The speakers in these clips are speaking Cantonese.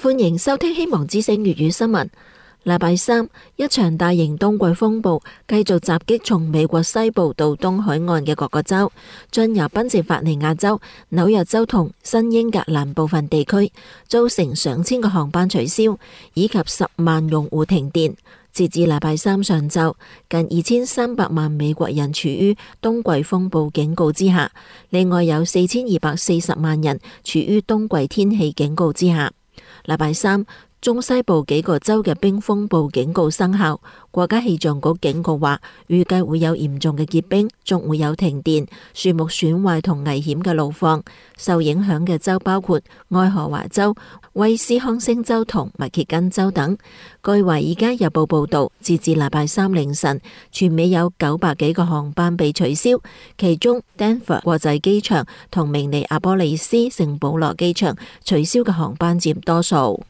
歡迎收聽《希望之聲》粵語新聞。禮拜三，一場大型冬季風暴繼續襲擊從美國西部到東海岸嘅各個州，進入賓夕法尼亞州、紐約州同新英格蘭部分地區，造成上千個航班取消，以及十萬用戶停電。截至禮拜三上晝，近二千三百萬美國人處於冬季風暴警告之下，另外有四千二百四十萬人處於冬季天氣警告之下。禮拜三，中西部幾個州嘅冰風暴警告生效。國家氣象局警告話，預計會有嚴重嘅結冰，仲會有停電、樹木損壞同危險嘅路況。受影響嘅州包括愛荷華州、威斯康星州同密歇根州等。據華爾街日報報道，截至禮拜三凌晨，全美有九百幾個航班被取消，其中丹佛國際機場同明尼阿波利斯聖保羅機場取消嘅航班佔多數。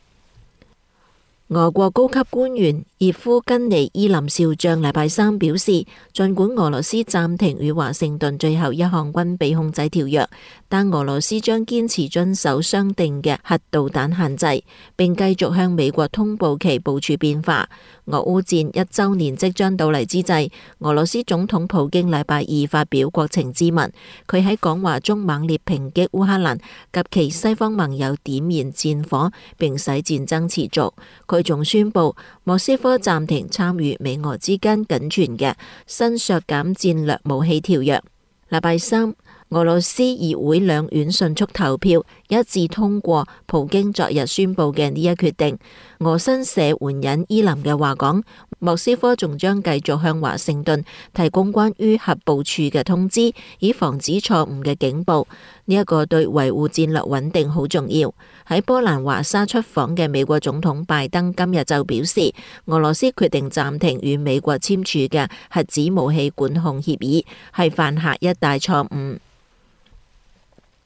俄國高級官員葉夫根尼·伊林少將禮拜三表示，儘管俄羅斯暫停與華盛頓最後一項軍備控制條約。但俄羅斯將堅持遵守商定嘅核導彈限制，並繼續向美國通報其部署變化。俄烏戰一週年即將到嚟之際，俄羅斯總統普京禮拜二發表國情咨文。佢喺講話中猛烈抨擊烏克蘭及其西方盟友點燃戰火並使戰爭持續。佢仲宣布莫斯科暫停參與美俄之間僅存嘅新削減戰，戰略武器條約。禮拜三，俄羅斯議會兩院迅速投票一致通過普京昨日宣布嘅呢一決定。俄新社援引伊林嘅話講，莫斯科仲將繼續向華盛頓提供關於核部署嘅通知，以防止錯誤嘅警報。呢一個對維護戰略穩定好重要。喺波蘭華沙出訪嘅美國總統拜登今日就表示，俄羅斯決定暫停與美國簽署嘅核子武器管控協議，係犯下一大錯誤。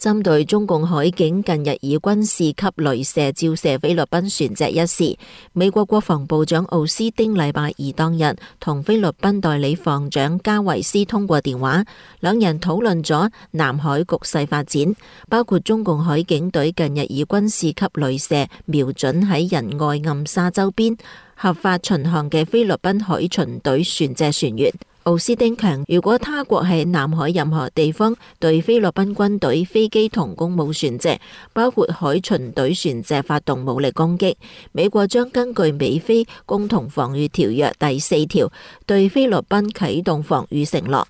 針對中共海警近日以軍事級雷射照射菲律賓船隻一事，美國國防部長奧斯汀禮拜二當日同菲律賓代理防長加維斯通過電話，兩人討論咗南海局勢發展，包括中共海警隊近日以軍事級雷射瞄準喺仁愛暗沙周邊合法巡航嘅菲律賓海巡隊船隻船員。奧斯汀強調，如果他國喺南海任何地方對菲律賓軍隊、飛機同公務船隻，包括海巡隊船隻發動武力攻擊，美國將根據美菲共同防御條約第四條，對菲律賓啟動防御承諾。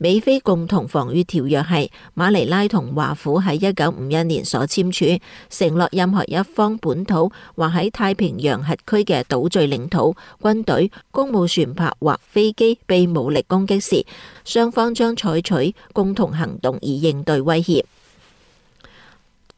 美菲共同防御條約係馬尼拉同華府喺一九五一年所簽署，承諾任何一方本土或喺太平洋核區嘅島嶼領土、軍隊、公務船舶或飛機被武力攻擊時，雙方將採取共同行動以應對威脅。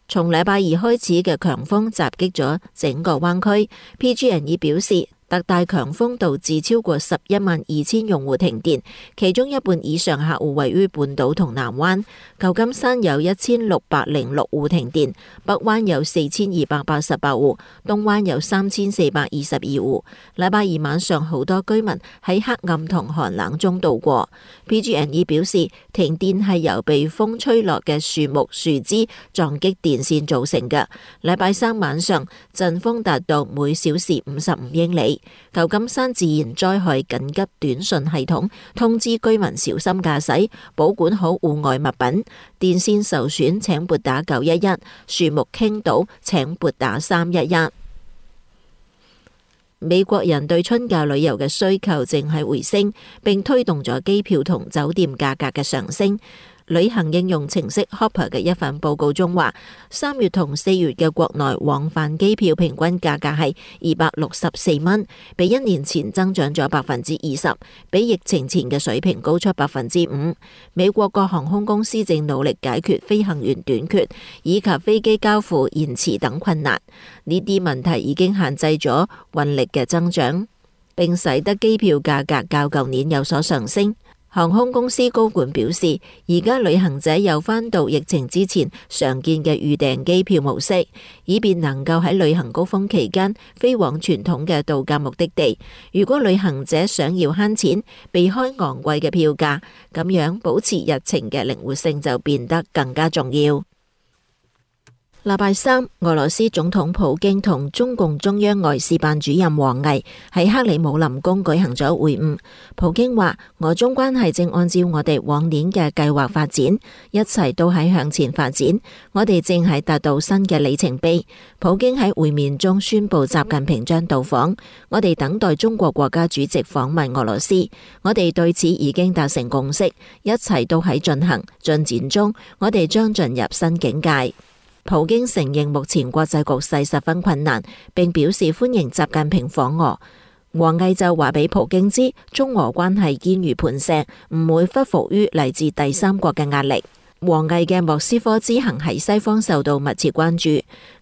從禮拜二開始嘅強風襲擊咗整個灣區，PG&E 已表示。特大強風導致超過十一萬二千用戶停電，其中一半以上客戶位於半島同南灣。舊金山有一千六百零六戶停電，北灣有四千二百八十八戶，東灣有三千四百二十二戶。禮拜二晚上，好多居民喺黑暗同寒冷中度過。PG&E 表示，停電係由被風吹落嘅樹木樹枝撞擊電線造成嘅。禮拜三晚上，陣風達到每小時五十五英里。舊金山自然災害緊急短信系統通知居民小心駕駛，保管好戶外物品。電線受損，請撥打九一一；樹木傾倒，請撥打三一一。美國人對春假旅遊嘅需求正係回升，並推動咗機票同酒店價格嘅上升。旅行應用程式 Hopper 嘅一份報告中話，三月同四月嘅國內往返機票平均價格係二百六十四蚊，比一年前增長咗百分之二十，比疫情前嘅水平高出百分之五。美國各航空公司正努力解決飛行員短缺以及飛機交付延遲等困難，呢啲問題已經限制咗運力嘅增長，並使得機票價格較舊年有所上升。航空公司高管表示，而家旅行者又返到疫情之前常見嘅預訂機票模式，以便能夠喺旅行高峰期間飛往傳統嘅度假目的地。如果旅行者想要慳錢、避開昂貴嘅票價，咁樣保持日程嘅靈活性就變得更加重要。禮拜三，俄羅斯總統普京同中共中央外事辦主任王毅喺克里姆林宮舉行咗會晤。普京話：俄中關係正按照我哋往年嘅計劃發展，一切都喺向前發展，我哋正喺達到新嘅里程碑。普京喺會面中宣布，習近平將到訪。我哋等待中國國家主席訪問俄羅斯。我哋對此已經達成共識，一切都喺進行，進展中。我哋將進入新境界。普京承認目前國際局勢十分困難，並表示歡迎習近平訪俄。王毅就話俾普京知，中俄關係堅如磐石，唔會屈服於嚟自第三國嘅壓力。王毅嘅莫斯科之行喺西方受到密切關注。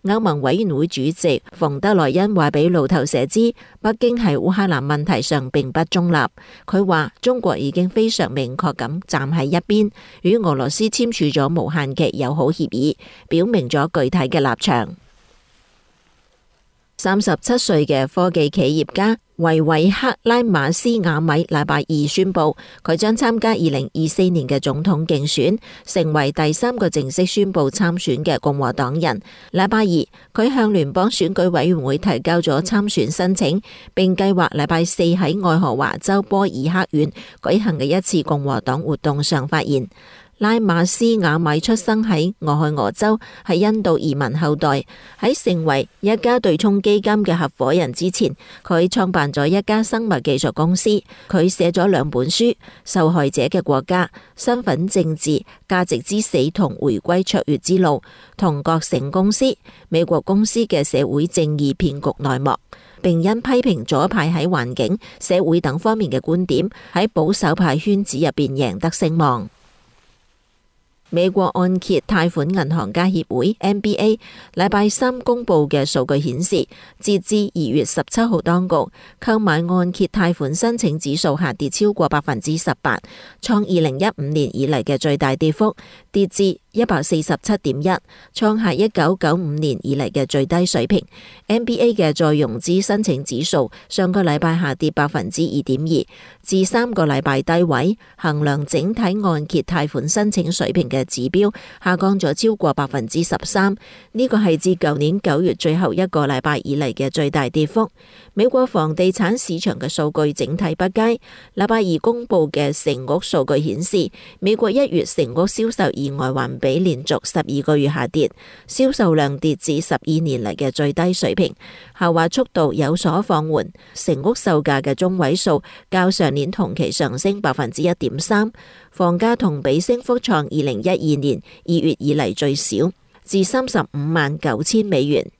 歐盟委員會主席馮德萊恩話俾路透社知，北京喺烏克蘭問題上並不中立。佢話中國已經非常明確咁站喺一邊，與俄羅斯簽署咗無限期友好協議，表明咗具體嘅立場。三十七歲嘅科技企業家維維克拉馬斯瓦米禮拜二宣布，佢將參加二零二四年嘅總統競選，成為第三個正式宣布參選嘅共和黨人。禮拜二，佢向聯邦選舉委員會提交咗參選申請，並計劃禮拜四喺愛荷華州波爾克縣舉行嘅一次共和黨活動上發言。拉馬斯瓦米出生喺俄亥俄州，係印度移民後代。喺成為一家對沖基金嘅合伙人之前，佢創辦咗一家生物技術公司。佢寫咗兩本書，《受害者嘅國家》、《身份政治：價值之死》同《回歸卓越之路》同《覺醒公司：美國公司嘅社會正義騙局內幕》，並因批評左派喺環境、社會等方面嘅觀點，喺保守派圈子入邊贏得聲望。美國按揭貸款銀行家協會 （MBA） 禮拜三公布嘅數據顯示，截至二月十七號，當局購買按揭貸款申請指數下跌超過百分之十八，創二零一五年以嚟嘅最大跌幅，跌至一百四十七點一，創下一九九五年以嚟嘅最低水平。MBA 嘅再融資申請指數上個禮拜下跌百分之二點二，至三個禮拜低位，衡量整體按揭貸款申請水平嘅。嘅指標下降咗超過百分之十三，呢個係自舊年九月最後一個禮拜以嚟嘅最大跌幅。美國房地產市場嘅數據整體不佳。禮拜二公布嘅成屋數據顯示，美國一月成屋銷售意外環比連續十二個月下跌，銷售量跌至十二年嚟嘅最低水平，下滑速度有所放緩。成屋售價嘅中位數較上年同期上升百分之一點三，房價同比升幅創二零一。一二年二月以嚟最少，至三十五萬九千美元。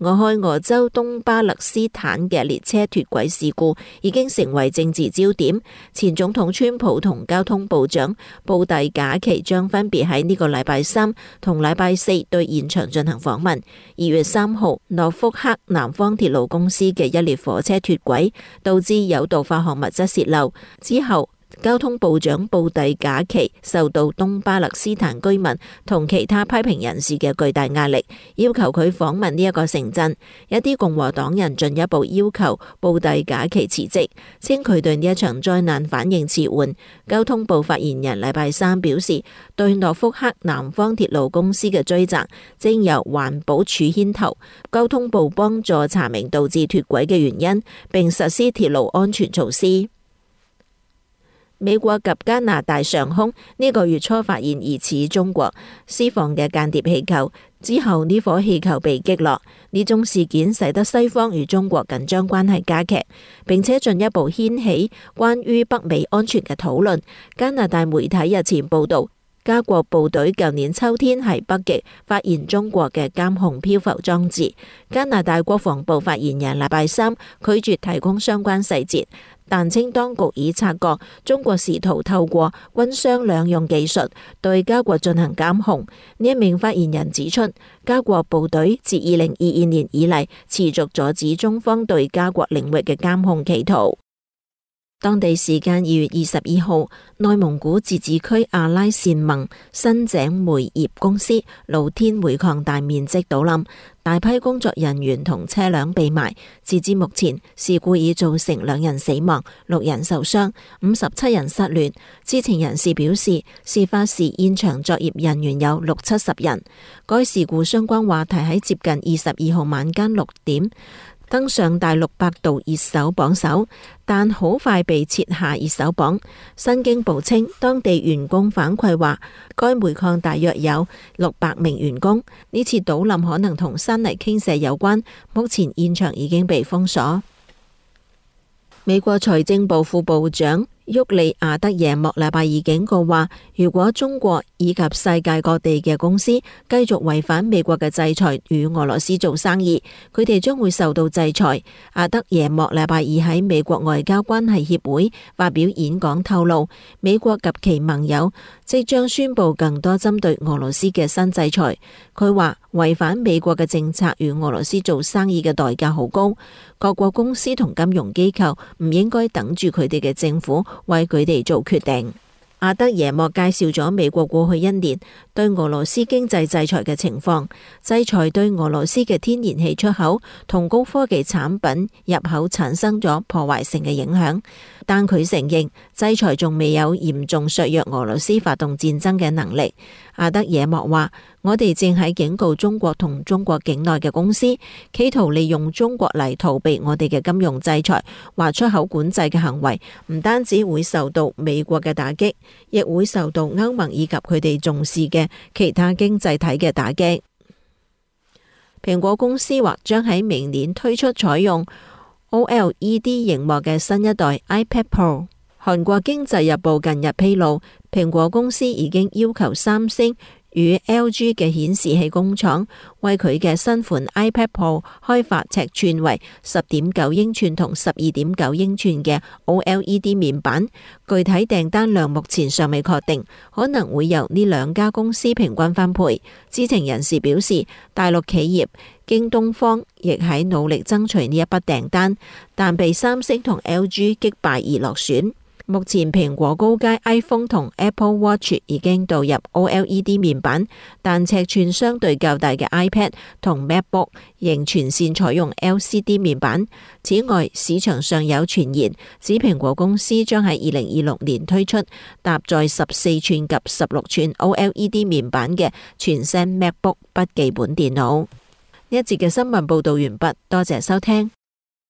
俄亥俄州東巴勒斯坦嘅列車脫軌事故已經成為政治焦點。前總統川普同交通部長布蒂賈奇將分別喺呢個禮拜三同禮拜四對現場進行訪問。二月三號，諾福克南方鐵路公司嘅一列火車脫軌，導致有毒化學物質洩漏之後。交通部長布蒂賈奇受到東巴勒斯坦居民同其他批評人士嘅巨大壓力，要求佢訪問呢一個城鎮。一啲共和黨人進一步要求布蒂賈奇辭職，稱佢對呢一場災難反應遲緩。交通部發言人禮拜三表示，對諾福克南方鐵路公司嘅追責正由環保署牽頭，交通部幫助查明導致脫軌嘅原因，並實施鐵路安全措施。美國及加拿大上空呢，這個月初發現疑似中國施放嘅間諜氣球，之後呢顆氣球被擊落。呢宗事件使得西方與中國緊張關係加劇，並且進一步掀起關於北美安全嘅討論。加拿大媒體日前報道，加國部隊舊年秋天喺北極發現中國嘅監控漂浮裝置。加拿大國防部發言人禮拜三拒絕提供相關細節。但稱當局已察覺中國試圖透過軍商兩用技術對加國進行監控。呢一名發言人指出，加國部隊自二零二二年以嚟持續阻止中方對加國領域嘅監控企圖。當地時間二月二十二號，內蒙古自治區阿拉善盟新井煤業公司露天煤礦大面積倒冧。大批工作人員同車輛被埋，截至目前事故已造成兩人死亡、六人受傷、五十七人失聯。知情人士表示，事發時現場作業人員有六七十人。該事故相關話題喺接近二十二號晚間六點。登上大陸百度熱搜榜首，但好快被撤下熱搜榜。新京報稱，當地員工反饋話，該煤礦大約有六百名員工，呢次倒冧可能同山泥傾瀉有關，目前現場已經被封鎖。美國財政部副部長。沃利阿德耶莫禮拜二警告話：如果中國以及世界各地嘅公司繼續違反美國嘅制裁與俄羅斯做生意，佢哋將會受到制裁。阿德耶莫禮拜二喺美國外交關係協會發表演講透露，美國及其盟友即將宣佈更多針對俄羅斯嘅新制裁。佢話違反美國嘅政策與俄羅斯做生意嘅代價好高。各國公司同金融機構唔應該等住佢哋嘅政府為佢哋做決定。阿德耶莫介紹咗美國過去一年對俄羅斯經濟制裁嘅情況，制裁對俄羅斯嘅天然氣出口同高科技產品入口產生咗破壞性嘅影響，但佢承認制裁仲未有嚴重削弱俄羅斯發動戰爭嘅能力。阿德野莫話：我哋正喺警告中國同中國境內嘅公司，企圖利用中國嚟逃避我哋嘅金融制裁或出口管制嘅行為，唔單止會受到美國嘅打擊，亦會受到歐盟以及佢哋重視嘅其他經濟體嘅打擊。蘋果公司或將喺明年推出採用 OLED 熒幕嘅新一代 iPad Pro。韓國經濟日報近日披露，蘋果公司已經要求三星與 LG 嘅顯示器工廠為佢嘅新款 iPad Pro 開發尺寸為十點九英寸同十二點九英寸嘅 OLED 面板。具體訂單量目前尚未確定，可能會由呢兩家公司平均分配。知情人士表示，大陸企業京東方亦喺努力爭取呢一筆訂單，但被三星同 LG 擊敗而落選。目前，蘋果高階 iPhone 同 Apple Watch 已經導入 OLED 面板，但尺寸相對較大嘅 iPad 同 MacBook 仍全線採用 LCD 面板。此外，市場上有傳言指蘋果公司將喺二零二六年推出搭載十四寸及十六寸 OLED 面板嘅全新 MacBook 筆記本電腦。一節嘅新聞報道完畢，多謝收聽。